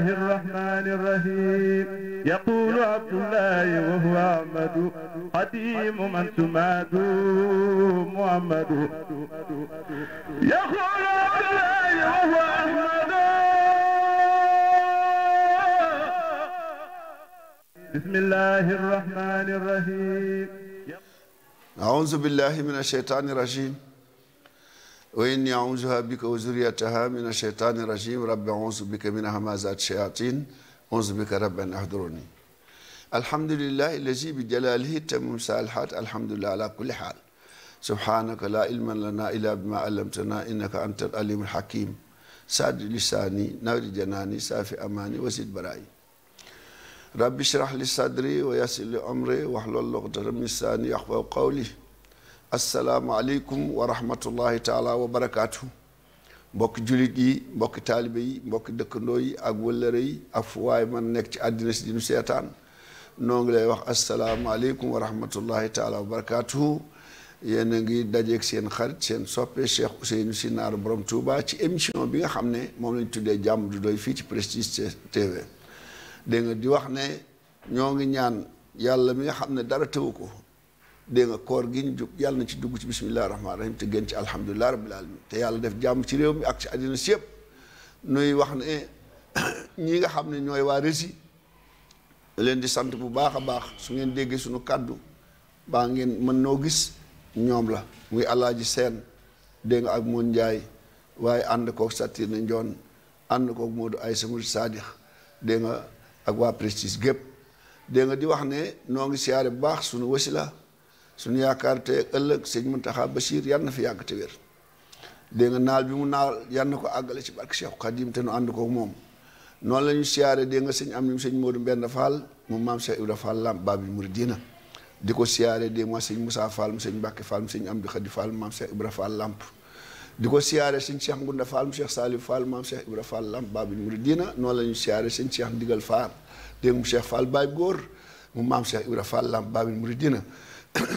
الله الرحمن الرحيم يقول عبد الله وهو أحمد قديم من سماد محمد يقول عبد الله وهو أحمد بسم الله الرحمن الرحيم أعوذ بالله من الشيطان الرجيم وإني أعوذها بك وذريتها من الشيطان الرجيم رب أعوذ بك من همازات الشياطين أعوذ بك رب أن أحضرني الحمد لله الذي بجلاله تم صالحات الحمد لله على كل حال سبحانك لا علم لنا إلا بما علمتنا إنك أنت العليم الحكيم سعد لساني نور جناني سافي أماني وزيد برائي رب اشرح لي صدري ويسر لي أمري واحلل عقدة من لساني يحفظ قولي asalaamualeykum wa rahmatullahi taala wa barakaatu mbokki jullit yi mbokki taalibe yi mbokki dëkkandoo yi ak wëllëre yi ak fu waay man nekk ci àddina si dinu seetaan noo ngi lay wax asalaamualeykum wa rahmatullahi taala wa barakaatu yéen a ngi dajeeg seen xarit seen soppe Cheikh Ousseynou Sy Naaru Borom Touba ci émission bi nga xam ne moom lañ tuddee jàmm du doy fii ci Prestige TV dégg nga di wax ne ñoo ngi ñaan yàlla mi nga xam ne dara tëwu ko de nga koor gi ñu jóg yàlla na ci dugg ci bisimilah rahim te gën ci alhamdulilah rabbil alamin te yàlla def jàmm ci réew mi ak ci àddina si yëpp nuy wax ne ñi nga xam ne ñooy waa Russie leen di sant bu baax a baax su ngeen déggee suñu kàddu baa ngeen mën noo gis ñoom la muy ji seen dégg nga ak moon njaay waaye ànd koog Satirna Njoon ànd koog Modou Aïssa Mouride Sadikh dégg nga ak waa Prestige gépp dégg di wax ne noo ngi siyaare bu baax suñu wasila suñu yaakaar te ëllëg sëñ Muntaxa Bachir yan na fi yàgg te wér nga naal bi mu naal yal na ko àggale si barke Cheikh Khadim te nu ànd ko moom noonu la ñu siyaare dégg nga sëñ am nañu sëñ Modou Mbenda Fall moom maam Cheikh Ibra Fall lam Babil Mouridina di ko siyaare dégg nga sëñ Moussa Fall mu sëñ Mbacke Fall mu sëñ Amdi lamp di ko siyaare sëñ Cheikh Ngunda Fall mu Cheikh Salif Fall maam Cheikh Ibra Fall lamp Babil Mouridina noonu la ñu siyaare sëñ Cheikh Ndigal Fall dégg nga mu Cheikh Fall Baye Góor mu maam Cheikh Ibra Fall lamp Babil Mouridina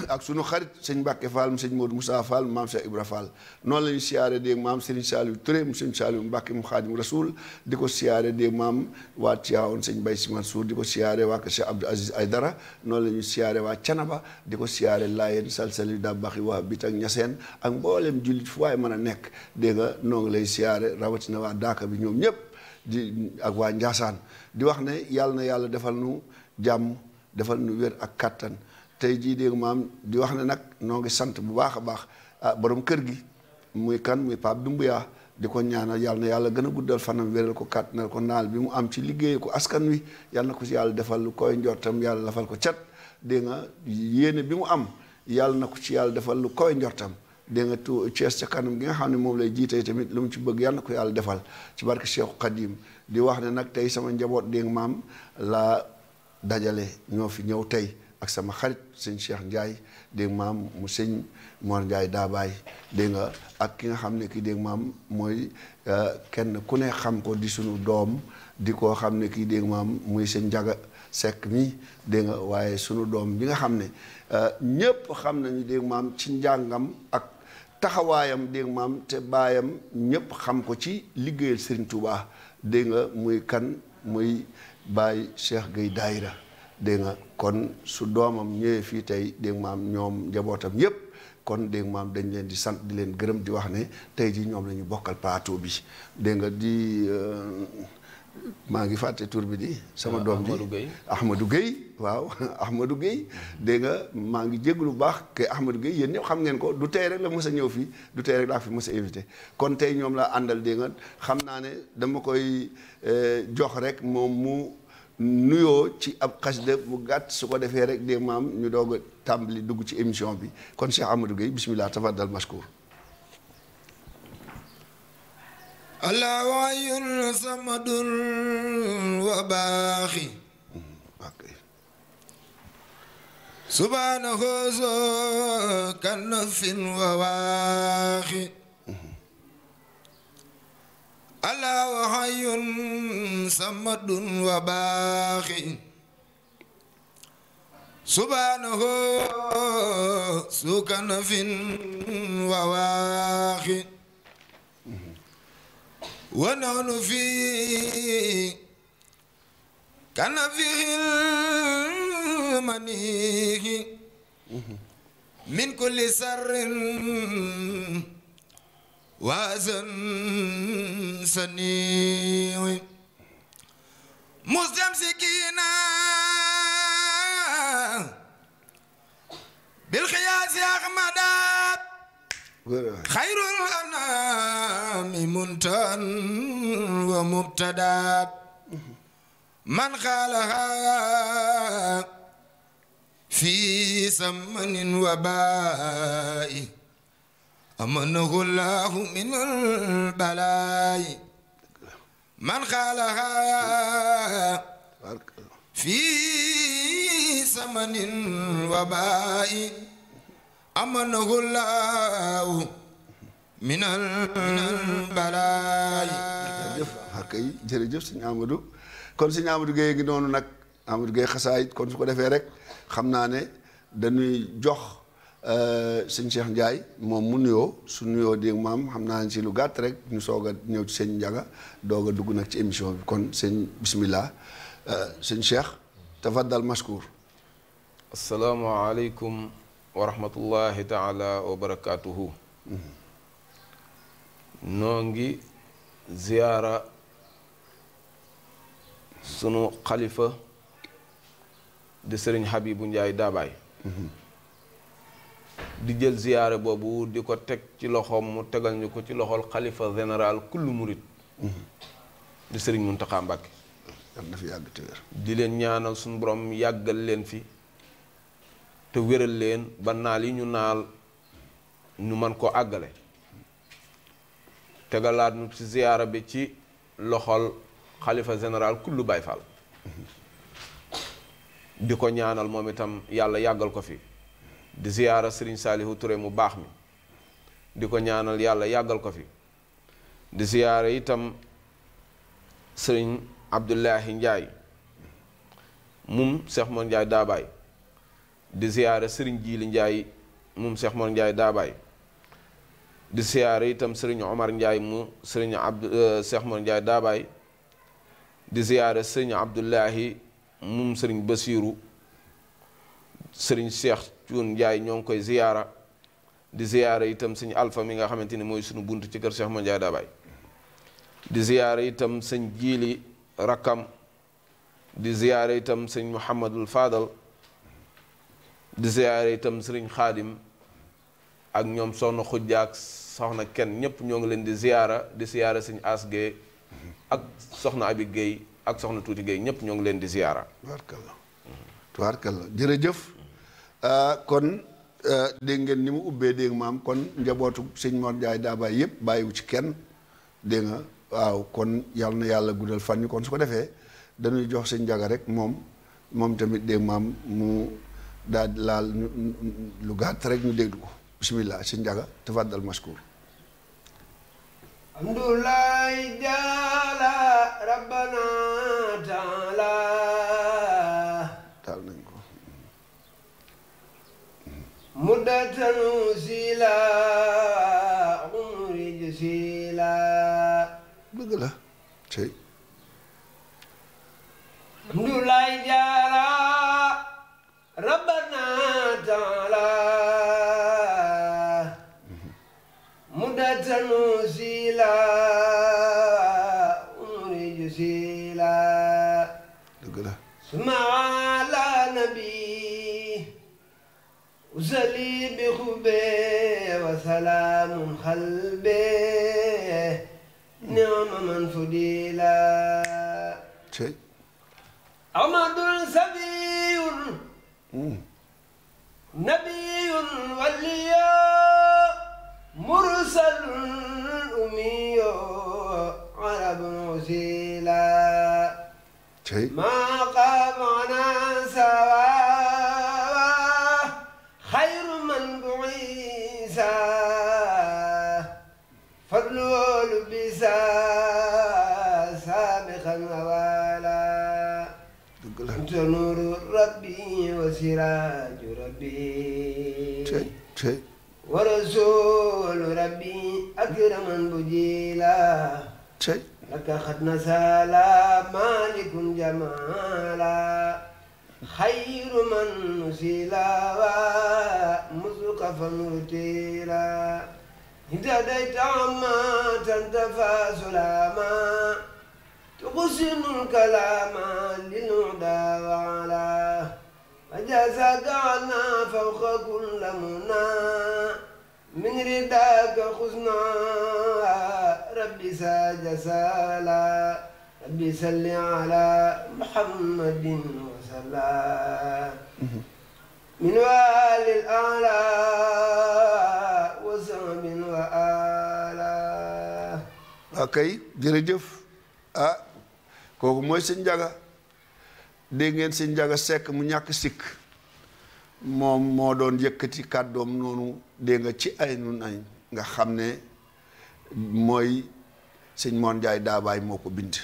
ak sunu xarit sëñ Mbacke Fall mu sëñ Modou Moussa Fall maam Cheikh Ibra Fall noonu la ñu siyaare dee maam Serigne Saliou Touré mu sëñ Saliou Mbacke mu Xaadim Rasoul di ko siyaare dee maam waa Tiawoon sëñ Baye Sy Mansour di ko siyaare waa Cheikh Abdou Aziz dara noonu la ñu siyaare waa Canaba di ko siyaare Laayeen Salsali daa baaxi waa Bit ak Ñaseen ak mboolem jullit fu waaye mën a nekk dégg nga noo ngi lay siyaare waa Daaka bi ñoom ñëpp di ak waa Njaasaan di wax ne yàlla na yàlla defal nu jàmm defal nu wér ak kattan tey jii dégg maam di wax ne nag noo ngi sant bu baax a baax ah, borom kër gi muy kan muy Pape dumbuyaa di ko ñaanal yàlla na yàlla gën a guddal fanam wéral ko kàttanal ko naal bi mu am ci liggéey ko askan wi yàlla ko ci yàlla defal lu koy njortam yàlla lafal ko cat dégg nga yéene bi mu am yàlla na ko ci yàlla defal lu koy njortam dégg nga tu Cees ca kanam gi nga xam ne moom lay jiitee tamit lu mu ci bëgg yàlla na ko yàlla defal ci barke Cheikh Khadim di wax ne nag tey sama njaboot dégg maam laa dajale ñoo fi ñëw tey ak sama xarit sëñ Cheikh Ndiaye dégg maam mu sëñ Mor Ndiaye Daabaay dégg nga ak ki nga xam ne kii dégg maam mooy euh, kenn ku ne xam ko di suñu doom di koo xam ne kii dégg maam muy sëñ Njaga Sekk mi dégg waaye sunu doom bi nga xam ne euh, ñépp xam nañu dégg maam ci njàngam ak taxawaayam dégg maam te baayam ñépp xam ko ci liggéeyal Sëriñ Tuubaa dégg nga muy kan muy Baay Cheikh Gueye Daayira dégg nga kon su doomam ñëwee fii tey dégg maam ñoom njabootam yépp kon dégg maam dañ leen di sant di leen gërëm di wax ne tey ji ñoom la ñu bokkal plateau bi dégg nga di euh, maa ngi fàtte tur bi di sama ah, doom ji Ahmadou Gueye waaw Ahmadou Gueye dégg nga maa ngi jéglu lu baax ke Ahmadou Gueye yéen ñëpp xam ngeen ko du tey rek la mës a ñëw fii du tey rek laa fi mës a invité kon tey ñoom la àndal dénga xam naa ne dama koy euh, jox rek moom mu nuyoo ci ab xasida bu gàtt su ko defee rek des maam ñu doog a dugg ci émission bi kon Cheikh Amadou Gueye bismillah tafaddal mashkour allah waayul samadul wa baaxi subhaanahu wa waaxi mhm. صمد وباق سبحانه ذو كنف وواق ونحن في كنفه المنيح من كل سر وازن سنيع مسلم مستمسكين بالخياس أحمد خير الأنام منتن ومبتدا من خالها في سمن وباء أمنه الله من البلاء من خالها في زمن وباء أمنه الله من البلاء jërëjëf akay jërëjëf sëñ Amadou kon sëñ Amadou Gueye ngi noonu nag Amadou Gueye xasaayit kon su ko defee rek xam naa ne dañuy jox Euh, sëñ Cheikh Ndiaye moom mu nuyoo su nuyoo dégg maam xam naa si lu gàtt rek ñu soog a ñëw ci sëñ njaga doog a dugg nag ci émission bi kon sëñ bismillah euh, sëñ Cheikh tafaddal mashkur asalaamualeykum wa rahmatullahi taala wa barakaatuhu noo ngi ziyaara sunu xalifa di sëriñ Habibu Ndiaye Dabaay di jël ziyaare boobu di ko teg ci loxoom mu tegal ñu ko ci loxool xalifa général kullu murit di sëriñ Muntaxa di leen ñaanal suñu borom yàggal leen fi te wéral leen ba naal yi ñu naal ñu man ko àggale tegalaat ñu ci ziyaara bi ci loxol xalifa général kullu Baay Faal di ko ñaanal moom itam yàlla yàggal ko fi di ziyaara sëriñ saalihu Touré mu baax mi di ko ñaanal yàlla yàggal ko fi di ziyaara itam sëriñ Abdullahi Njaay mum Seex Mor Njaay daabaay di ziyaara sëriñ Jiili Njaay mum Seex Mor Njaay itam sëriñ Omar Njaay mu sëriñ Abdu Seex Mor Njaay daabaay di ziyaara sëriñ Abdullahi euh, mum sëriñ Basiiru sëriñ Seex cuun njaay ñoo ngi koy ziyaara di ziyaara itam sëñ alpha mi nga xamante ni mooy sunu bunt ci kër Cheikh Mame Ndiaye Dabaye di ziyaara itam sëñ jiili rakkam di ziyaara itam sëñ Mouhamadul Fadal di ziyaara itam sëriñ xaadim ak ñoom soxna xujja ak soxna kenn ñëpp ñoo ngi leen di ziyaara di ziyaara sëñ As Guèye ak soxna Abi Guèye ak soxna Tuuti géey ñëpp ñoo ngi leen di ziyaara tubaarkalla tubaarkalla Euh, kon euh, dégg ngeen ni mu ubbee dégg maam kon njabootu sëñ Mor Ndiaye Dabaye yëpp bàyyiwu ci kenn dégg nga waaw kon yal na yàlla guddal fan ñu kon su ko defee dañuy jox sëñ Njaga rek moom moom tamit dégg maam mu daal laal lu gàtt rek ñu déglu ko bismillah sëñ Njaga tafaddal mashkur alhamdulilah jaala rabbana تنزيلا عمري جزيلا dëgg la tey du lay jaara rabbana taala mhm. mudatan zila صليب خبي وسلام خلبه نعم من فديلا شيء أمد سبي نبي ولي مرسل أمي عرب وسيلا ما قام عنا سواه فضل بسا سابقا ووالا انت نور ربي وسراج ربي ورسول ربي أكرما بجيلا لك خدنا نسالا مالك جمالا خير من نسيلا ومزق فنوتيلا اهتديت عما تنتفى سلاما تقسم الكلام للهدى وعلا فجازاك عنا فوق كل منا من رداك خزنا ربي ساج سالا ربي سل على محمد وسلا من والي الأعلى سمن وآلة أكي جرجف أه kooku mooy sëñ njaga dégg ngeen sëñ njaga sekk mu ñàkk sikk moom moo doon yëkkati kàddoom noonu dégg nga ci ay nu nañ nga xam ne mooy sëñ moon jaay daabaay moo ko bind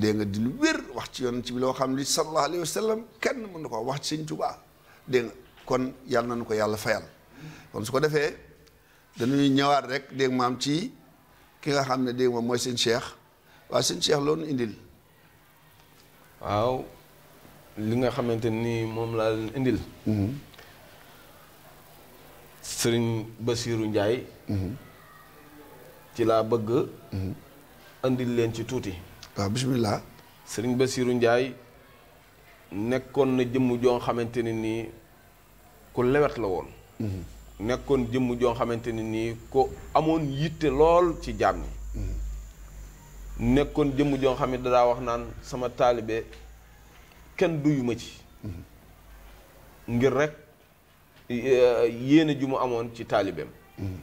dégg nga di lu wér wax ci yoon ci bi loo xam ne sallallahu alayhi wa sallam kenn mën na ko wax ci sëñ tubaa dégg nga kon yàlla na nu ko yàlla fayal kon su ko defee dañuy ñëwaat rek dégg maam ci ki nga xam ne dégg moom mooy seen cheikh waaw seen cheikh loolu indil waaw li nga xamante ni moom laa leen indil mhm. sëriñ Basiiru Njaay mhm. ci laa bëgg indil mhm. leen ci tuuti waaw bismillah sëriñ Basiiru Njaay nekkoon na jëmm joo xamante ni nii ku lewet la woon nekkoon jëmm joo xamante ne nii ko amoon yitte lool ci jaam ñi mm-hmm. nekkoon jëmm joo xam ne dadaa wax naan sama taalibe kenn duyu ma ci mm-hmm. ngir rek eh, yéene ju mu amoon ci taalibeem mm-hmm.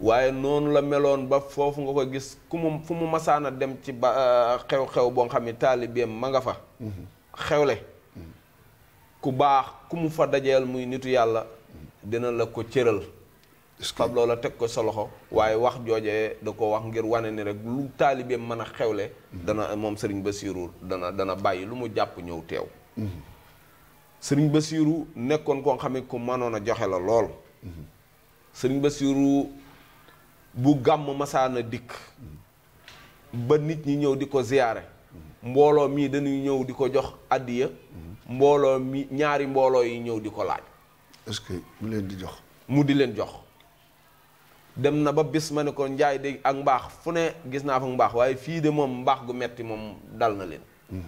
waaye noonu la meloon ba foofu nga ko gis ku mu fu mu masaan a dem ci ba eh, xew-xew boo xam ne taalibeem ma nga fa xewle ku baax ku mu fa dajeel muy nitu yàlla dina la ko cëral fab loola teg ko sa loxo waaye wax joojee da ko wax ngir wane ni rek lu taalibe mën a xewle mhm. dana moom sëriñ Basiiru dana dana bàyyi lu mu jàpp ñëw teew mhm. sëriñ Basiiru nekkoon koo xam ne ku mënoon a joxe la lool mhm. sëriñ Basiiru bu gàmm masaana dikk ba nit ñi ñëw di ko ziyaare mbooloo mii dañuy ñëw di ko jox àddiya mbooloo mi ñaari mbooloo yi ñëw di ko laaj est-ce que mu leen di jox. mu di len jox dem na ba bis mané ko njaay de ak mbax fune gis na fa mbax waye fi de mom mbax gu metti mom dal na mhm.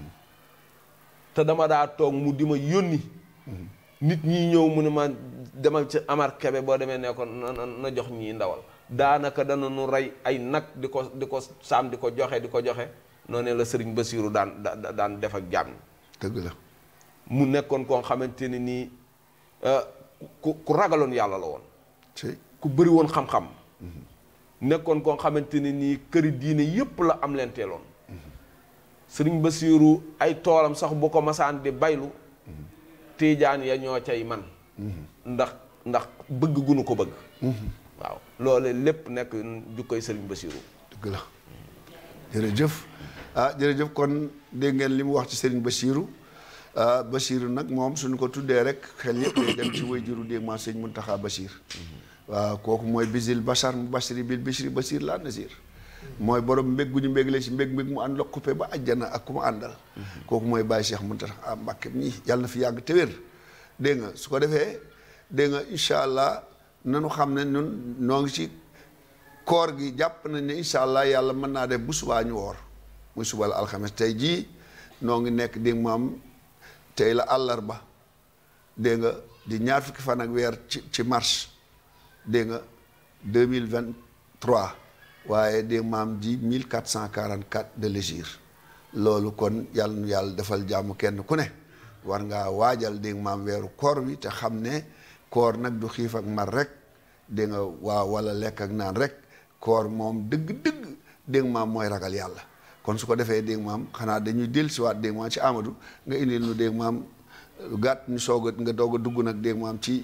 te dama da tok mu di ma mhm. nit ñi ñew mu ne ma demal ci Amar Kebe bo demé ne ko na jox ñi ndawal. naka dana nu ray ay nak diko diko sam diko ko joxe diko ko joxe noné la serigne basirou dan dan def ak jàmm. deug la mu nekkon ko xamanteni ni euh ku ku ragaloon yàlla la woon ku bëri woon xam-xam nekkoon koo xamante ne nii këri diine yépp la am leen teeloon sëriñ Basiiru ay toolam sax bu ko masaan di baylu tiijaan ya ñoo cay man ndax ndax bëgg gunu ko bëgg waaw loole lépp nekk jukkoy sëriñ Basiiru dëgg la jërëjëf ah jërëjëf kon dégg ngeen li mu wax ci sëriñ Basiiru Eh, basir nak mom suñ ko tuddé rek xel yëpp day dem ci wayjuru dé ma sëñ muntaha Bachir wa koku moy bisil bashar mu bil bichiri basir la Nazir. moy borom mbég gu ñu mbég la ci mbég mbég mu and la coupé ba aljana ak kuma andal koku moy Baye Cheikh muntaha mbacke mi yalla fi yag tewer nga su ko nga inshallah allah nanu ñun no ngi ci koor gi japp nañ ne inshallah allah mëna mën def bu suba ñu wor muy subal tay ji no ngi nek tey la àllarba dégg nga di ñaar fukki fan ak weer ci ci mars dégg nga deux mille vingt trois waaye dégg maam di mille quatre cent quarante quatre de l'hégire loolu kon yàlla nu yàlla defal jàmm kenn ku ne war ngaa waajal dégg maam weeru koor wi te xam ne koor nag du xiif ak mar rek dégg waa wala lekk ak naan rek koor moom dëgg-dëgg dégg maam mooy ragal yàlla kon su ko defee dégg maam xanaa dañuy dellusiwaat dégg maam ci Amadou nga indil nu dégg maam gàtt ñu soog nga doog a dugg nag dégg maam ci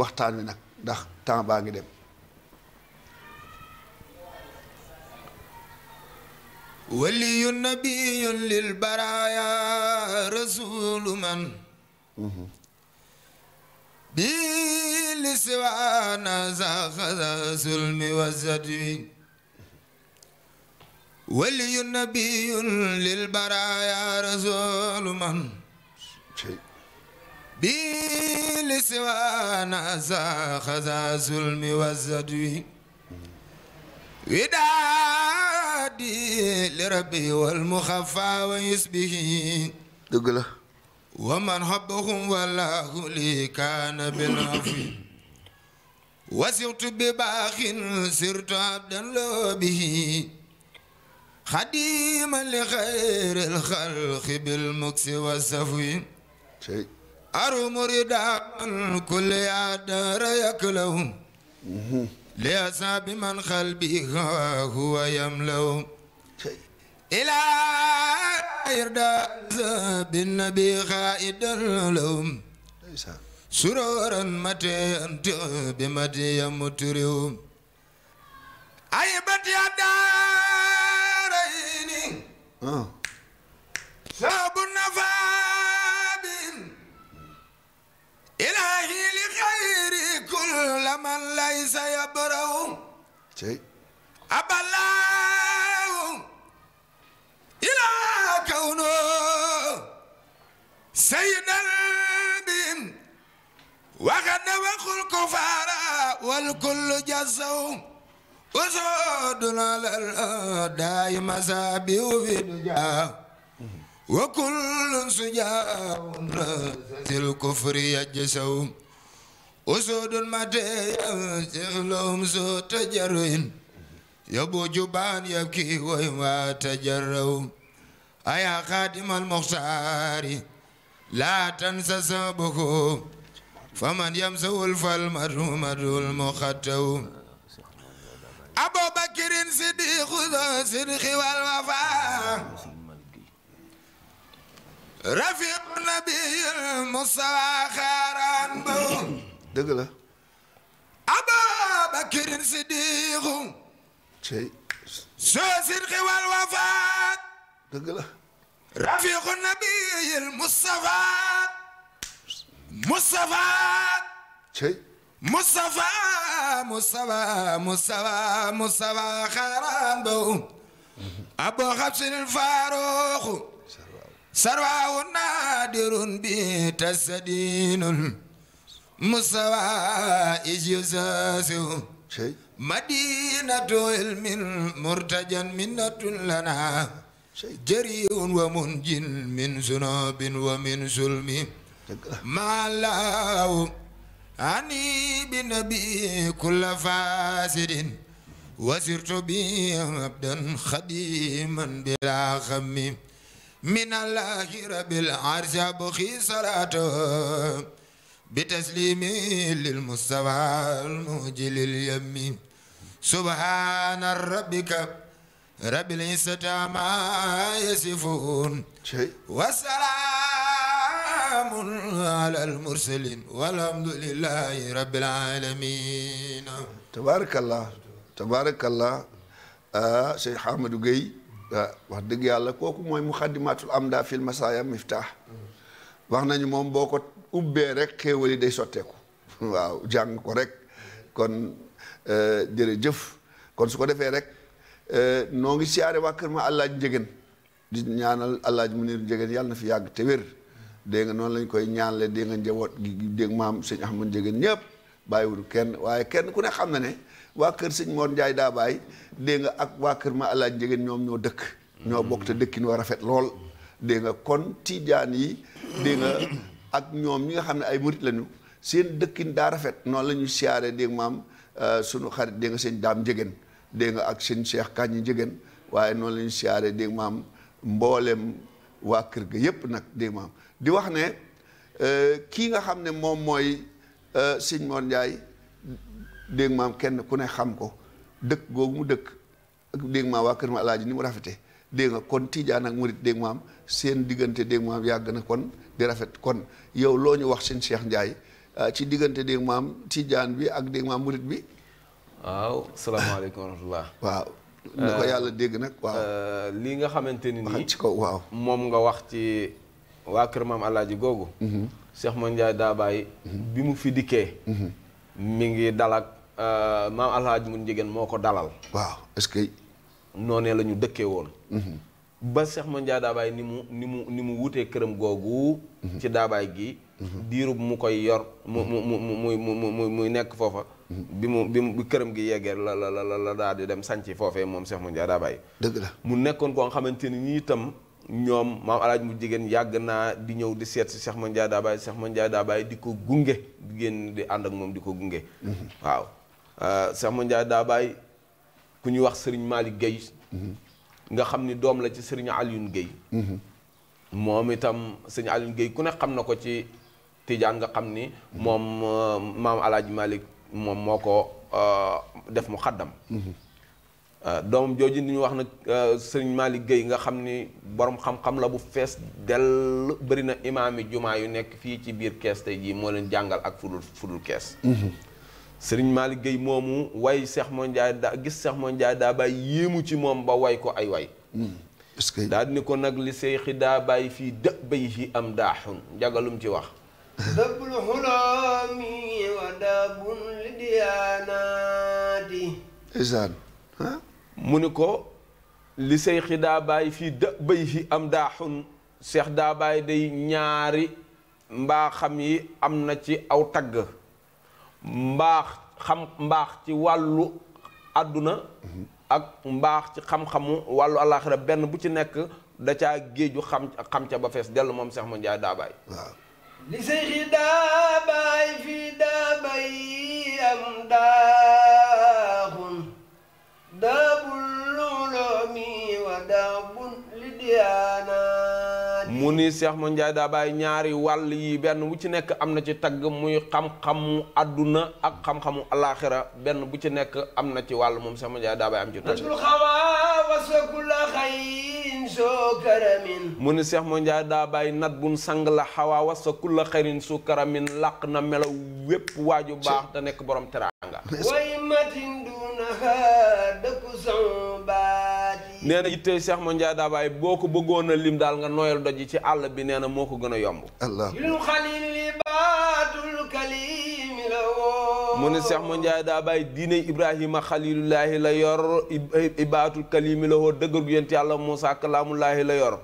waxtaan wi nag ndax temps baa ngi dem. waliyu nabiyun lil baraaya rasulu man mhm. bi li siwaana sa xasa sulmi wa ولي نبي للبرايا رسول من بيل سوى نازا خذا ظلم وزدوي ودادي لربي والمخفى ويسبه دقلا ومن حبهم والله لي كان بالعفو وسرت بباخ سرت عبدا لو به خديما لخير الخلق بالمكس شيء أرم رداء كل عدار يكلهم لأصحاب بمن قلبي هو يملهم إلى إرداء بالنبي خائد لهم سرورا متى بمدي مترهم أي بدي أدار آه. شعب النفاب إلهي لخير كل من ليس يبره أبلاه إلى كونه سيدا بهم وغدا وخلق فارا والكل جزهم وسعودنا للأداء مسابيح في دجاه وكل سجاء راس الكفر يجسوم أسود متي يغلهم سوء تجرين يبو جبان يبكي وما تجرهم أيا خادم المختار لا تنسى سبكم فمن يمسو الفلمر مدو المختوم sidqi wal wafaa rafiq nabiyil mustawa xaaraan ba dëgg la ababakir siddiqu cey soo sidqi wal wafaa dëgg la rafiq nabiyil mustawa mustawa cey Mustafa Mustafa Mustafa Mustafa xayraan bawum Abu Xabsin Faaruq sarwaawu naadirun bi tasadinun Mustafa ijisaasiw madinatu ilmin murtajan minnatun lana jariun wa munjin min sunubin wa min sulmi maalaaw أني بنبي كل فاسد وسرت بي عبدا خديما بلا خم من الله رب العرش أبخي صلاة بتسليمي للمستوى المجل اليمين سبحان ربك رب العزة ما يصفون وسلام وسلام على المرسلين والحمد لله رب العالمين تبارك الله تبارك الله آه، شيخ حامد غي آه، واخ دغ يالله كوكو موي مخدمات الامدا في المسايا مفتاح واخنا ني موم بوكو اوبي رك خيولي داي سوتيكو واو جان كو رك كون ديري آه، جيف كون سوكو ديفه رك نوغي سياري واكرما الله جيغن di ñaanal alaaj munir jege yalna fi yag tewer dégg nga noonu lañ koy ñaanle dégg nga njaboot gi dégg maam sëñ Ahmad Ndiéguène ñëpp bàyyiwul kenn waaye kenn ku ne xam na ne waa kër sëñ Mor Ndiaye daa bàyyi dégg nga ak waa kër ma Alaaji Ndiéguène ñoom ñoo dëkk ñoo bokk te dëkkin wa rafet lool dégg nga kon tiijaan yi dégg ak ñoom ñi nga xam ne ay murit lañu seen dëkkin daa rafet noonu la ñu siyaare dégg maam euh, sunu xarit dégg Daam Ndiéguène dégg nga ak sëñ Cheikh Kañ Ndiéguène waaye noonu lañu ñu siyaare dégg maam mboolem waa kër gi yépp nag di di wax ne euh, kii nga xam ne moom mooy euh, sëñ Mor Ndiaye dégg maam kenn ku ne xam ko dëkk googu mu dëkk dégg maam waa kër ma alaaji ni mu rafete dégg nga kon tiijaan ak murit dégg maam seen diggante dégg yàgg na kon di rafet kon yow loo ñu wax seen Cheikh Ndiaye euh, ci diggante dégg maam Tijaan bi ak dégg maam murit bi waaw salaamaaleykum wa rahmatullah waaw lu ko euh, yàlla dégg nag waaw. Euh, lii nga xamante ni nii ci kaw waaw. moom nga wax ci waa kër maam Alaaji googu. Mm-hmm. Cheikh Mawne Ndiaye daa mm-hmm. bi mu fi dikkee. Mm-hmm. mi ngi dalak euh, maam Alaaji mun jigéen moo ko dalal. waaw est que. noonee la ñu dëkkee woon. ba Cheikh Mawne Ndiaye daa ni mu ni mu ni mu wutee këram googu. ci daabaay gi. diirub mu koy yor mu mu mu mu mu muy nekk foofa. bi mu bi mu këram gi yegee la la la la daal di dem sànci foofee moom seex Cheikh Moundiaye daa bàyyi. dëgg la mu nekkoon koo xamante ni ñu itam ñoom maam alaaj mu jigéen yàgg naa di ñëw di seet si Cheikh Moundiaye daa bàyyi bàyyi di ko gunge di di ànd moom di ko gunge. Mm-hmm. waaw euh, ku ñuy wax Serigne Malick Guèye. Mm-hmm. nga xam ni doom la ci Serigne Alioune Guèye. Mm-hmm. itam Serigne Alioune ku ne xam na ko ci Tidiane nga xam ni. moom euh, maam moom moo ko euh, def mu xaddam mhm. euh, doomam jooju ni ñu wax nag euh, sëriñ Malick Guèye nga xam ni borom xam-xam la bu fees dell bëri na imaami jumaa yu nekk fii ci biir kees tey jii moo leen jàngal ak fudul fudul kees mhm. sëriñ Malick Guèye moomu way seex Mor Ndiaye daa gis Cheikh Mor Ndiaye daa bàyyi yéemu ci moom ba way ko ay way mhm. daal ni ko nag li seyxi daa bàyyi fii dë bay yi am daaxun njagalum ci wax mu ni ko li say xi daa fii dë bay fi am daaxun seex daa bàyyi day ñaari mbaaxam yi am na ci aw tagg mbaax xam mbaax ci wàllu àdduna ak mbaax ci xam-xamu wàllu àllaaxira benn bu ci nekk da caa géeju xam xam ca ba fees dellu moom seex mu njaay daa li seyxi daa fi daa bay am daaxun daabul luloomi wa daabun li mu ni Seex Moon Njaay daa ñaari wàll yi benn bu ci nekk am na ci tagg muy xam-xamu àdduna ak xam-xamu alaaxira benn bu ci nekk am na ci wàll moom Seex Moon Njaay daa am ci tagg mu ni Cheikh Modou Ndiaye daa bàyyi nat bun sang la xawaa wasa kulla xarin su karamin làq na melaw wépp waaju baax te nekk borom teraanga way matin dunaha dëkku san baa nee na ittee Cheikh Mandiaye Dabaye boo ko bëggoon a lim daal nga nooyal doj ci àll bi nee na moo ko gën a yomb. mu ne Cheikh Mandiaye Dabaye diine Ibrahima xalilullahi la yor ibaatul kalimi la woo dëgër gu yent yàlla Moussa kalaamullahi la yor.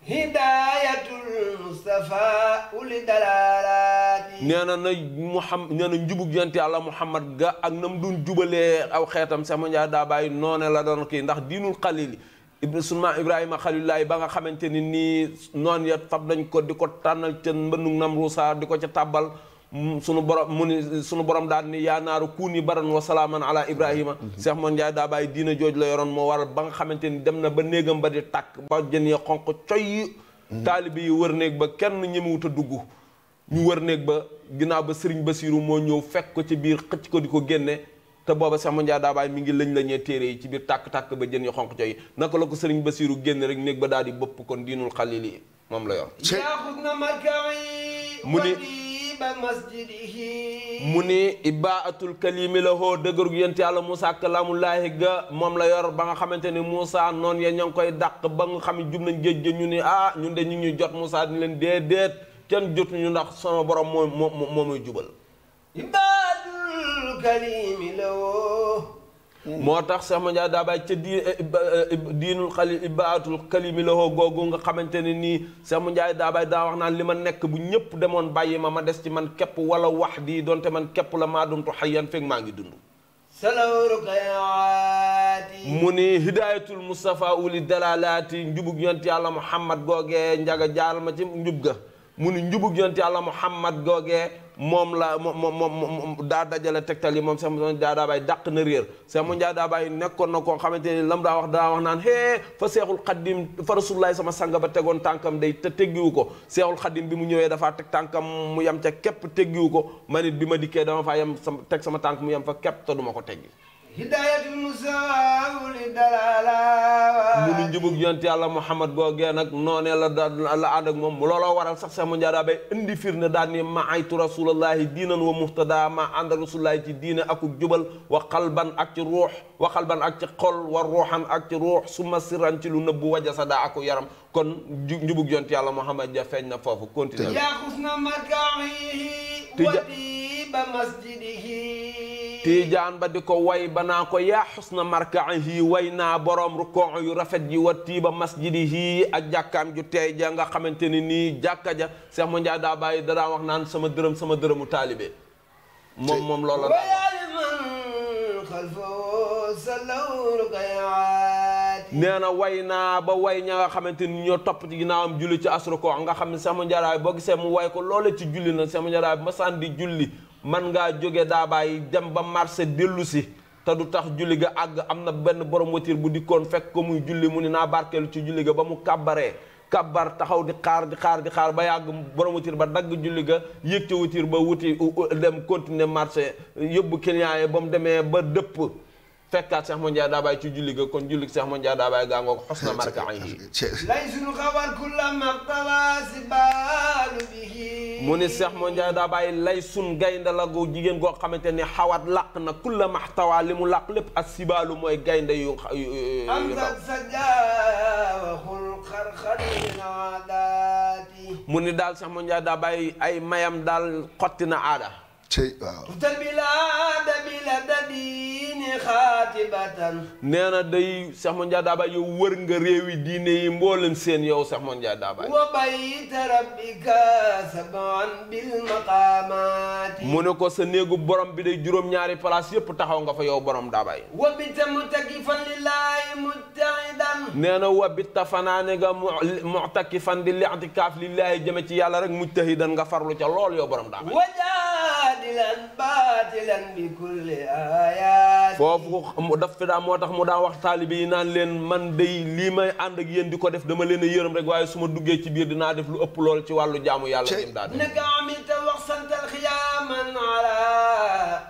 hidayatul mustafa uli dalalaati nee na na muham nee na njubug yonent muhammad ga ak nam doon jubalee aw xeetam sama njaay daa bàyyi noone la doon kii ndax diinul xalil ibn sulma ibrahima xalilullaay ba nga xamante ni nii noon ya fab nañ ko di ko tànnal ca mbëndug nam ruusa di ko ca tàbbal Mm, sunu borom mu ni sunu borom daal ni yaa naaru kuuni baran wa salaaman ala ibrahima Cheikh mm-hmm. Mawne Ndiaye daa bàyyi diina jooj la yoroon moo waral ba nga xamante ni dem na ba néegam ba di tàkk ba jën ya xonq coy mm-hmm. taalibi yi wër néeg ba kenn ñemewut a dugg ñu wër néeg ba ginnaaw ba Serigne Basiru moo ñëw fekk ko ci biir xëcc ko di ko génne te booba Cheikh Mawne Ndiaye mi ngi lañ lañee téere yi ci biir tàkk-tàkk ba jën ya xonq coy naka la ko sëriñ Basiru génne rek néeg ba daal di bëpp kon diinul xalil yi moom la yor mu ni ibaatul kalimi la hoo dëgërug yent yàlla Moussa kalaamullaahi ga moom la yor ba nga xamante ni Moussa noon ya ña ngi koy dàq ba nga xam ne jub nañ géej gi ñu ni ah ñun de ñu ngi jot musaa di leen déedéet kenn ñu ndax sama borom moo moo moo muy jubal ibaatul kalimi Hmm. moo tax Cheikh Mandiaye daa bàyyi ca di eh, eh, diinul xali ibaatul kalimi googu nga xamante ni nii Cheikh Mandiaye daa daa wax naan li ma nekk bu ñëpp demoon bàyyi ma ma des ci man képp wala wax di donte man képp la maa dumtu xayyan fekk maa ngi dund. mu ni hidaayatul Mustafa uli dalalaati njubug yonent yàlla Muhammad googee njaga jaal ma ci njub ga mu ni njubug yonent yàlla Muhammad googe moom laa la moom moom daa dajale tegtal yi moom Cheikh Moussa Ndiaye daa bàyyi dàq na réer Cheikh Moussa bàyyi nekkoon na koo xamante ni lam daa wax daa wax naan hee fa seexul xaddim fa rasulullaay sama sang ba tegoon tànkam day te teggiwu ko seexul xaddim bi mu ñëwee dafaa teg tànkam mu yem ca képp teggiwu ko ma it bi ma dikkee dama faa yem sama teg sama tànk mu yem fa kepp te du ko teggi hidayatul musaawul dalala mu nu njubug yonent yàlla Muhammad googee nag noonee la la ànd ak moom looloo waral sax sax mu njaaraabay indi firnde daal ni maaytu rasulallahi diinan wa muhtada ma ànd ak rasulallahi ci diine akuk jubal wa xalban ak ci ruux wa xalban ak ci xol wa ruuxan ak ci ruux suma siran ci lu nëbbu wa jasada aku yaram kon njubug yonent yàlla Muhammad ja feeñ na foofu continue te ja tiijaan ba di ko way ba naa ko yaa xusna markaahi way naa boroom rukon yu rafet yi wa tiiba masjidihi ak jàkkaam ju teey ja nga xamante ni nii jàkka ja Cheikh Mandiaye daa bàyyi dadaa wax naan sama dërëm sama dërëmu taalibe moom loola nee way naa ba way ña nga xamante ni ñoo topp ci ginnaawam julli ci asru ko nga xam ne Cheikh Mandiaye boo gisee mu way ko loola ci julli na Cheikh Mandiaye masaan di julli man ngaa jóge daabaay dem ba marché dellu si te du tax julli ga àgg am na benn borom watir bu dikkoon fekk ko muy julli mu ni naa barkeelu ci julli ga ba mu kàbbaree kabbar taxaw di xaar di xaar di xaar ba yàgg borom watir ba dagg julli ga yëg ca watir ba wuti dem continuer marché yóbbu client yi ba mu demee ba dëpp fekkaat Cheikh Mandiaye daa bàyyi ci julli ga kon julli Cheikh Mandiaye daa bàyyi gaa ngoog xos na marka ay yi lay sunu xawar kulla martawasi baalu bihi mu ni Cheikh Mandiaye daa bàyyi lay sun gaynde la goo jigéen goo xamante ni xawat làq na kulla maxtawa li mu làq lépp ak sibaalu mooy gaynde yu mu ni daal Cheikh Mandiaye daa bàyyi ay mayam daal xotti na aada cey waaw tutal bilaada bilada diini xaatibatan nee na day Cheikh Mandiaye Dabaye yow wër nga réewi diine yi mboolem seen yow Cheikh Mandiaye Dabaye wa bayta rabbika saban bil maqaamaati mu ne ko sa néegu borom bi de juróom-ñaari place yépp taxaw nga fa yow borom Dabaye wa bita mutakifan lillaahi mutaidan nee na wa bitta fanaane nga mutakifan di li'tikaaf lillaahi jëme ci yàlla rek mujtahidan nga farlu ca lool yow borom Dabaye foofu daf fi daa moo tax mu daa wax taalibe yi naan leen man day lii may ànd ak yéen di ko def dama leen yërëm rek waaye su ma duggee ci biir dinaa def lu ëpp loolu ci wàllu jaamu yàlla ñim daa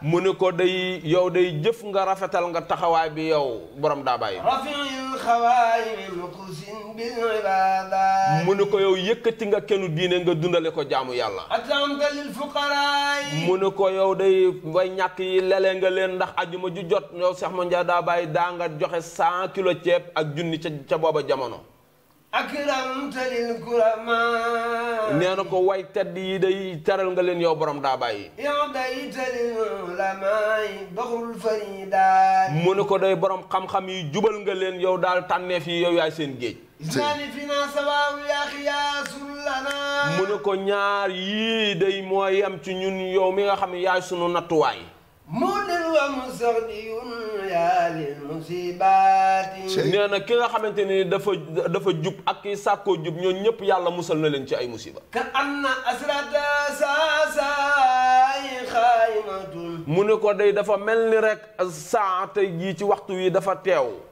mu ne ko day yow day jëf nga rafetal nga taxawaay bi yow borom daa bàyyi mu ne ko yow yëkkati nga kenu diine nga dundale ko jaamu yàlla. mu ne ko yow day way ñàkk yi lele nga leen ndax ajuma ju jot yow seex Mandiaye daa bàyyi daa nga joxe cent kilo ceeb ak junni ca ca booba jamono. akramta lil kuramaa. nee na ko way tedd yi day teral nga leen yow borom daa bàyyi. yow day talil ulamaa yi baxrul farida. mu ne ko day boroom xam-xam yi jubal nga leen yow daal tànneef yi yow yaay seen géej. mu ne ko ñaar yii day mooy yam ci ñun yow mi nga xam ne yaay sunu nattuwaay. mun nee na ki nga xamante ni dafa dafa jub ak ki sàkkoo jub ñoo ñëpp yàlla musal na leen ci ay musiba. ka am na asrata saasaay xaaymatun mu ne ko day dafa mel ni rek saata yi ci waxtu wi dafa teew.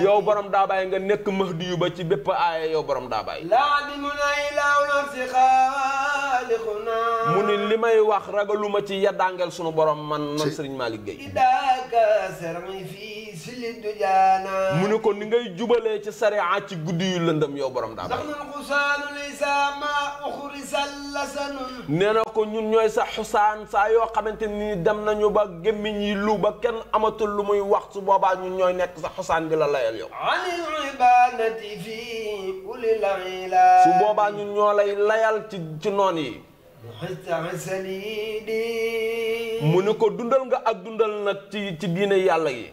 yow borom daa bàyyi nga nekk mahdi yu ba ci bépp aaya yow borom daa bàyyi mu ni li may wax ragaluma ci yaddaangeel sunu borom man man Serigne Malick Gueye mu ni ko ni ngay jubalee ci sariya ci guddi yu lëndëm yow borom daa bàyyi nee na ko ñun ñooy sa xusaan saa yoo xamante ni dem nañu ba gémmiñ yi lu ba kenn amatul lu muy wax su boba ñu ñoy nek sa xosaan di la layal yow su boba ñu ñolay layal ci ci non yi mu ne ko dundal nga ak dundal nak ci ci diine yalla yi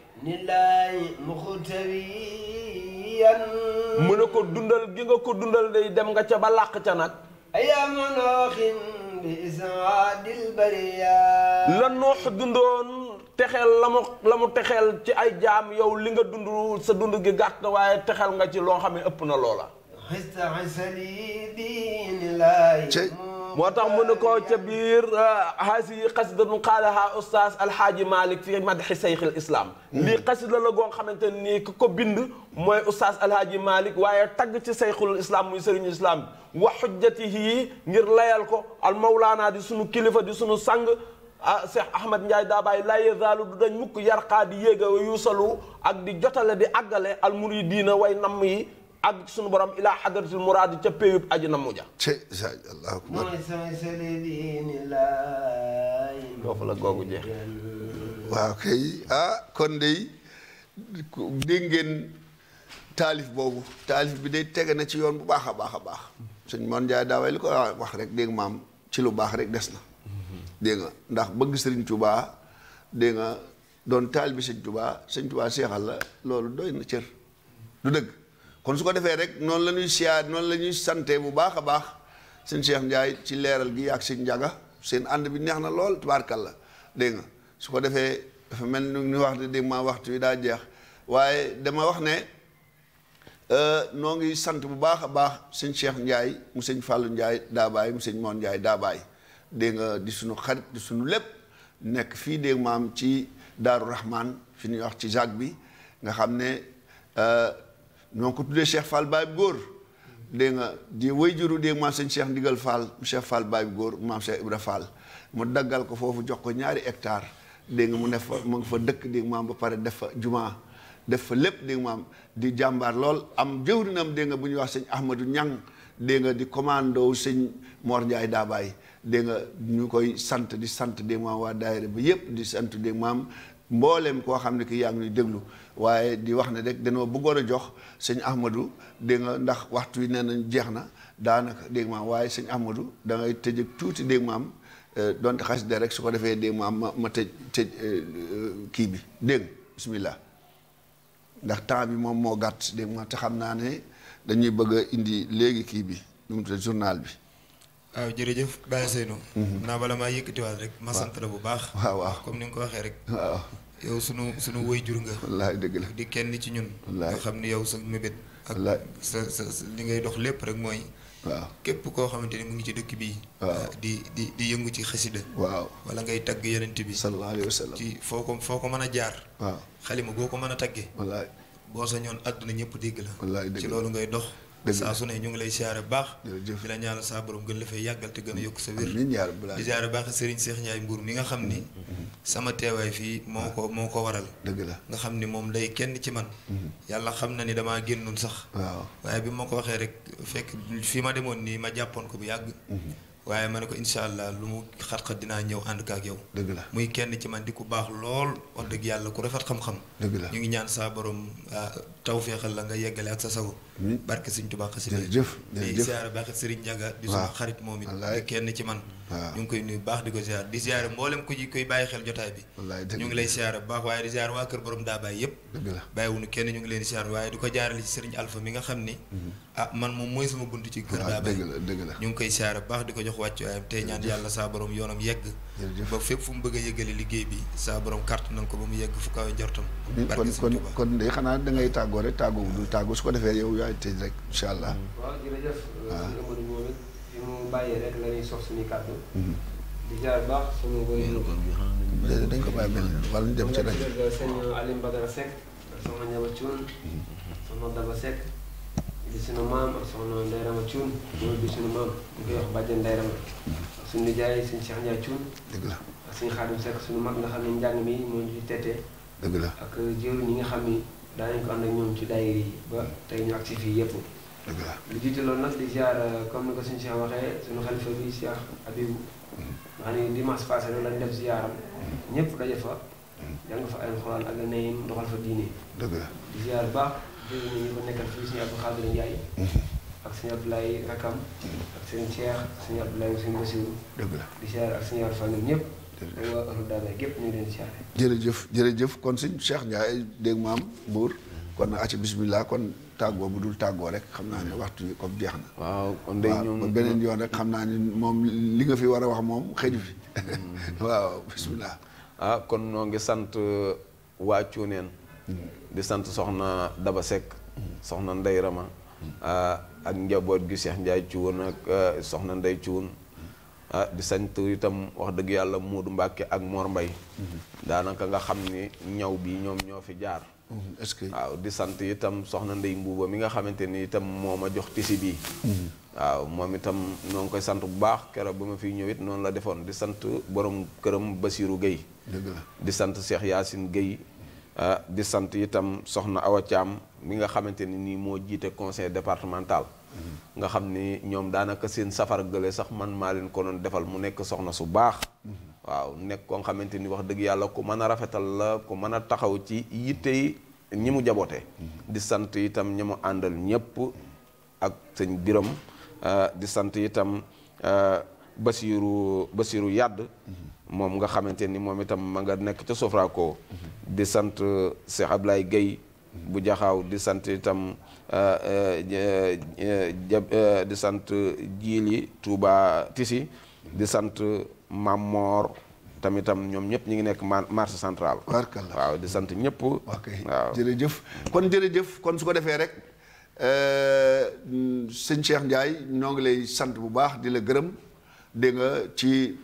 mu ne ko dundal gi nga ko dundal day dem nga ca ba làq ca nag la noox dundoon texeel la mu la mu texeel ci ay jaam yow li nga dund sa dund gi gàtt waaye texeel nga ci loo xam ne ëpp na loola moo tax mu ne ko ca biir ah, haasi yi xasidatun qaalaha oustaz alhaaji malik fi madxi seyxi l islam hmm. lii xasida la goo xamante nii ku ko bind mooy oustaz alhaaji malik waaye tagg ci seyxul islam muy sëriñu islam bi wa xujjatihi ngir layal ko al mawlaana di sunu kilifa di sunu sang ah Cheikh Ahmed Ndiaye daa bàyyi laa yazaalu du dañ mukk yarqaa di yéega yuusalu ak di jotale di àggale almuridiina way namm yi ak suñu borom ilaa hadratil muraadi ca péyub aji nammu ja foofu la googu kay ah kon day dégg ngeen taalif boobu taalif bi day tege na ci yoon bu baax a baax a baax sëñ Moon Njaay daa li ko wax rek dégg maam ci lu baax rek des na dégg nga ndax bëgg sëriñ Tuubaa dégg nga doon taal bi sëñ Tuubaa sëñ Tuubaa seexal la loolu doy na cër du dëgg kon su ko defee rek noonu la ñuy siyaar noonu lañuy ñuy sante bu baax a baax sëñ Cheikh Ndiaye ci leeral gi ak sëñ Njaga seen ànd bi neex na lool tubaarkalla dégg nga su ko defee dafa mel ni ñu wax ne ma waxtu wi daa jeex waaye dama wax ne euh, noo ngi sant bu baax a baax sëñ Cheikh Ndiaye mu sëñ Fallou Ndiaye daa baay mu sëñ Moon Ndiaye daa baay dégg nga di suñu xarit di suñu lépp nekk fii dégg maam ci Daaru Rahman fi ñuy wax ci Jacques bi nga xam ne euh, ñoo ko tuddee Cheikh Fall Baye góor dégg nga di way juru dégg maam sëñ Cheikh Ndigal Fall Cheikh Fall Baye góor maam Cheikh Ibra Fall mu daggal ko foofu jox ko ñaari hectare dégg nga mu ne fa mu ngi fa dëkk dégg maam ba pare def fa jumaa def fa lépp dégg maam di jàmbaar lool am jëwrinam dégg nga bu ñuy wax sëñ Ahmadou Ñang dégg di commando sëñ moor Ndiaye Daabaay dégg nga ñu koy sant di sant des maam waa daayira ba yëpp di sant des maam mbooleem koo xam ne kii yaa ngi ñuy déglu waaye di wax ne rek danoo bëggoon a jox sëñ Ahmadou dégg ndax waxtu wi nee nañ jeex na daanaka dégg maam waaye sëñ Ahmadou da ngay tëjëg tuuti dégg maam euh, donte xas de rek su ko defee dégg maam ma ma tëj tëj euh, kii bi dégg bismillah ndax temps bi moom moo gàtt dégg maam te xam naa ne dañuy bëgg a indi léegi kii bi nu mu tudd journal bi waaw jërëjëf Baye Seynou. Mhm. naa bala maa yëkkatiwaat rek. ma la bu baax. waaw waaw comme ni nga ko waxee rek. waaw yow sunu sunu jur nga. wallaay dëgg la di kenn ci ñun. wallaay nga xam ni yow sa mébét. ak sa sa li ngay dox lépp rek mooy. képp koo xamante ni mu ngi ci dëkk bi ah, di di di yëngu ci xasida. waaw wala ngay tagg yenent bi. sallallahu alayhi wa ci foo ko foo ko mën a jaar. xalima boo ko mën a taggee. wallaay boo sañoon àdduna ñëpp dégg la. wallaay dëgg la ci loolu ngay dox. saa su ne ñu ngi lay siyaare bu baax di la ñaanal saa borom gën la fay yàggal te gën a yokk sa wér di siyaare bu baax Serigne Cheikh Ndiaye Mbour mi nga xam ni mm-hmm. Mm-hmm. sama teewaay fii moo ko moo ko waral dëgg la nga xam ni moom day kenn ci man mm-hmm. yàlla xam na ni damaa génnoon sax waaye bi ma ko waxee rek fekk fi ma demoon nii ma jàppoon ko bu yàgg waaye ma ne ko incha allah lu mu xat-xat dinaa ñëw ànd ak yow. dëgg la muy kenn ci man di ku baax lool oo dëgg yàlla ku rafet xam-xam dëgg la ñu ngi ñaan saa borom ah, taw feexal la nga yeggale ak sa sago hmm? barke sëñ Tuubaa xasida jërëjëf di ziare baax Serigne Ndiaga di sama xarit moom it kenn ci man ñu koy nuyu baax di ko ziare di ziare mboolem ku ji koy bàyyi xel jotaay waaye di ziare hmm. ah, ñaan yàlla saa borom yoonam yegg ba fépp fu mu bëgg a yëggale liggéey bi saa borom carte nan ko ba mu yegg fu kaw njortam hmm, barke sëñ Tuubaa tàggoo rek tàggoo dul su ko defee yow yaay rek incha allah. Mm. waaw jërëjëf. waaw ah. euh, sëñ Amadou moom it mm-hmm. di jaar baax suñu wëy. dañ ko bàyyi benn yoon wala ñu ca rajo. sëñ Alim Badara Seck ak soxna Ndiaba Thioune. Mm-hmm. soxna Daba Seck. di suñu maam ak soxna Ndeye Rama Thioune. loolu di suñu maam di koy dëgg la ak suñu Xaadim Seck suñu mag nga xam ne njàng mi moo ñu fi dëgg la ak jëru ñi nga xam ni daañu ko ànd ak ñoom ci daayir ba tey ñu agsi fii yëpp. lu jiite loolu nag di ziar euh, comme ni ko suñu Cheikh waxee suñu xalifa bi Cheikh Habibou. nga xam ne dimanche passé rek lañ def ziaram. Mm-hmm. ñëpp daje fa. Mm-hmm. jàng fa ay xuraan ak nayim doxal fa diine. dëgg la di ziar baax di ñu ko nekkal fii suñu Abdou Khadir Ndiaye. Mm-hmm. ak suñu Abdoulaye Rakam. ak seen Cheikh suñu Abdoulaye suñu Bassirou. dëgg la di ziar ak suñu Alfane ñëpp. jërëjëf jërëjëf kon sëñ Cheikh Ndiaye dégg maam buur kon na acca bismillah kon tàggoo bu dul tàggoo rek xam naa ni waxtu bi comme jeex na waaw kon day ñoom beneen yoon rek xam naa ni moom li nga fi war a wax moom xëju fi hmm. waaw bismillah ah kon noo ngi sant waa Cuuneen hmm. di sant soxna Daba Seck hmm. soxna Ndey Rama ah, ak njaboot gi Cheikh Ndiaye Cuun ak ah, soxna Ndey Cuun ah di santu itam wax deug yalla modou mbake ak Mor Mbay danaka nga xamni ñaw bi ñom ñoo fi jaar est-ce waaw di sant itam soxna ndey mbuba mi nga xamanteni itam moma jox tisi bi waaw mom itam non koy sant bu baax kéro ba ma fiy ñëw it la defoon di sant borom kërëm basirou gey deug la di sant Cheikh gey ah di sant itam soxna Awa mi nga xamanteni ni mo jité conseil départemental nga xamni ni ñoom daanaka seen safar gële sax man malin leen ko non defal mu nek soxna su baax. waaw nek ko xamanteni ni wax deug yalla ku mana rafetal la ku mana taxaw ci yitte yi ñimu jaboté di sant itam ñimu andal ñepp ak señ biram euh, di sant itam euh, Basiru Basiru yad mom nga xamanteni ni itam ma nga nekk sofra ko di sant euh, Cheikh Ablaye Guèye bu jaxaw di sant itam. Euh, euh, euh, di sant Jiili tuuba Tisi di sant Mamor tamitam ñoom ñëpp ñu ngi nekk marché central. waaw di sant ñëpp. waaw jërëjëf kon jërëjëf kon su ko defee rek sëñ Cheikh Ndiaye ñoo ngi lay sant bu baax di la gërëm dégg nga ci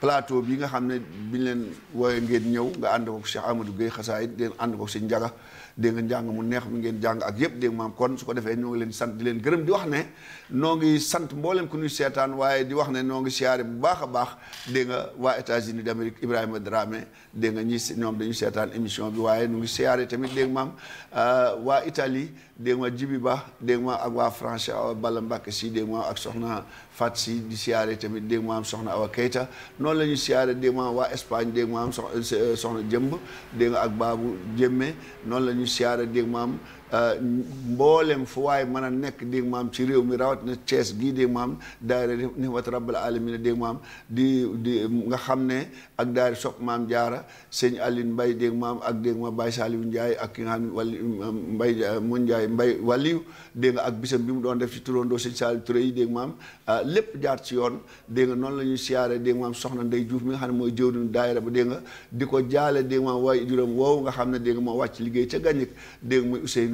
plateau bi nga xam ne bi leen wooyee ngeen ñëw nga ànd ko Cheikh amadu Guèye xasaayit ngeen ànd ko sëñ Njaga dégg nga njàng mu neex mu ngeen jàng ak yëpp dégg maam kon su ko defee ñoo ngi leen sant di leen gërëm di wax ne noo ngi sant mboolem ku nu seetaan waaye di wax ne noo ngi siyaare bu baax a baax dégg nga waa États-Unis d'Amérique Ibrahima Dramé dégg nga ñi ñoom dañu seetaan émission bi waaye ñu ngi siyaare tamit dégg maam euh, waa itali dégg ma Jibi Ba dégg ma ak waa français Awa Balla Mbàkke si dégg ma ak soxna Fat si di siyaare tamit dégg ma am soxna Awa Keita noonu la ñuy siyaare dégg ma waa Espagne dégg ma am soxna Jëmb dégg nga ak babu Jémme noonu la ñuy siyaare dégg ma mboolem fu waay mën a nekk dégg maam ci réew mi rawatina Thiès gii dégg maam daayira Nihmatu Rabbil Alamin dégg maam di di nga xam ne ak daayira sox maam jaara seen Aline mbay dégg maam ak dégg ma Baye Saliou Ndiaye ak ki nga xam ne wali Mbaye mu Ndiaye Mbaye waliyu dégg nga ak bisam mu doon def ci turandoo sëñ Saliou Touré yi dégg maam lépp jaar ci yoon dégg noonu la ñuy siyaare dégg maam soxna Ndey Diouf mi nga xam ne mooy jëwriñu daayira ba dégg nga di ko jaale dégg maam waaye juróom woowu nga xam ne dégg nga moo wàcc liggéey ca gàññik dégg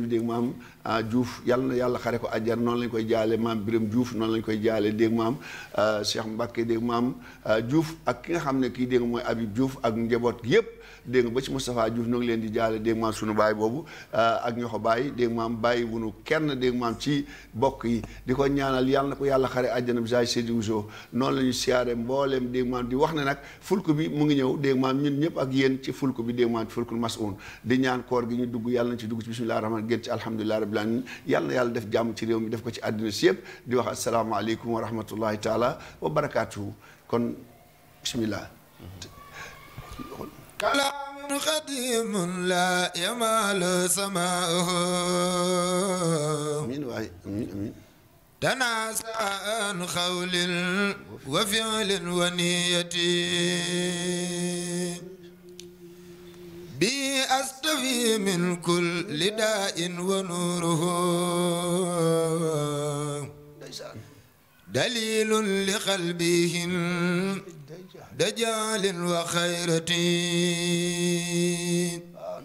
bi dégg maam ah, Diouf yàlla na yàlla xare ko àjjana noonu lañ koy jaale maam biram Diouf noonu lañ koy jaale dégg maam ah, Cheikh Mbacke dégg maam ah, Diouf ak ki nga xam ne kii dégg mooy Habib Diouf ak njaboot yëpp dégg nga ba ci Moustapha Diouf ñu ngi leen di jaale dégg maam sunu baay boobu euh, ak ñoo ko bàyyi dégg maam bàyyi wunu kenn dégg maam ci bokk yi di ko ñaanal yàlla na ko yàlla xare àjjana bi say Seydi Wuso noonu la ñu siyaare mbooleem dégg maam di wax ne nag fulku bi mu ngi ñëw dégg maam ñun ñëpp ak yéen ci fulku bi dégg maam fulkul masoon di ñaan koor gi ñu dugg yàlla na ci dugg ci bismillahi rahmaan génn ci alhamdulillahi rabbil alamin yàlla na yàlla def jàmm ci réew mi def ko ci àddina si yëpp di wax asalaamaaleykum wa rahmatullahi taala wa barakaatuhu kon bismillah mm-hmm. كلام قديم لا يمال سماؤه امين وعي امين امين تناسى عن خول وفعل ونية بي أستفي من كل داء ونوره دليل لقلبهم دجال وخيرتي آه،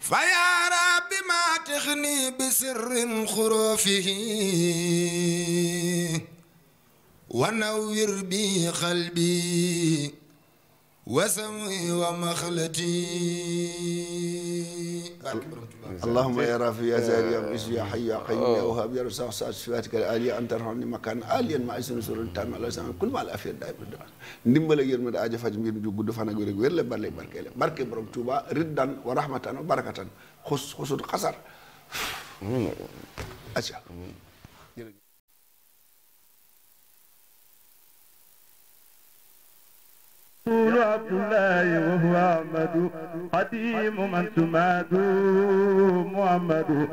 فيا رب ما تخني بسر خروفه ونور بي قلبي وسمي ومخلتي اللهم يا رافع يا زاري يا معز يا حي يا قيوم يا وهاب يا رزاق صفاتك العالية أن ترفعني مكان عاليا ما أسن سر تام على سامي كل ما العافية دائما دائما ndimbal ak yërmande aajo faj mbir ju gudd fan ak wér ak wér la barlay barkee la barke borom Tuuba riddan wa rahmatan wa barakatan xus xusut xasar. رسول عبد الله وهو أحمد قديم من تماد محمد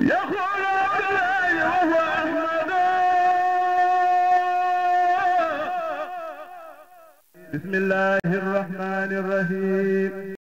يا خول عبد الله وهو أحمد بسم الله الرحمن الرحيم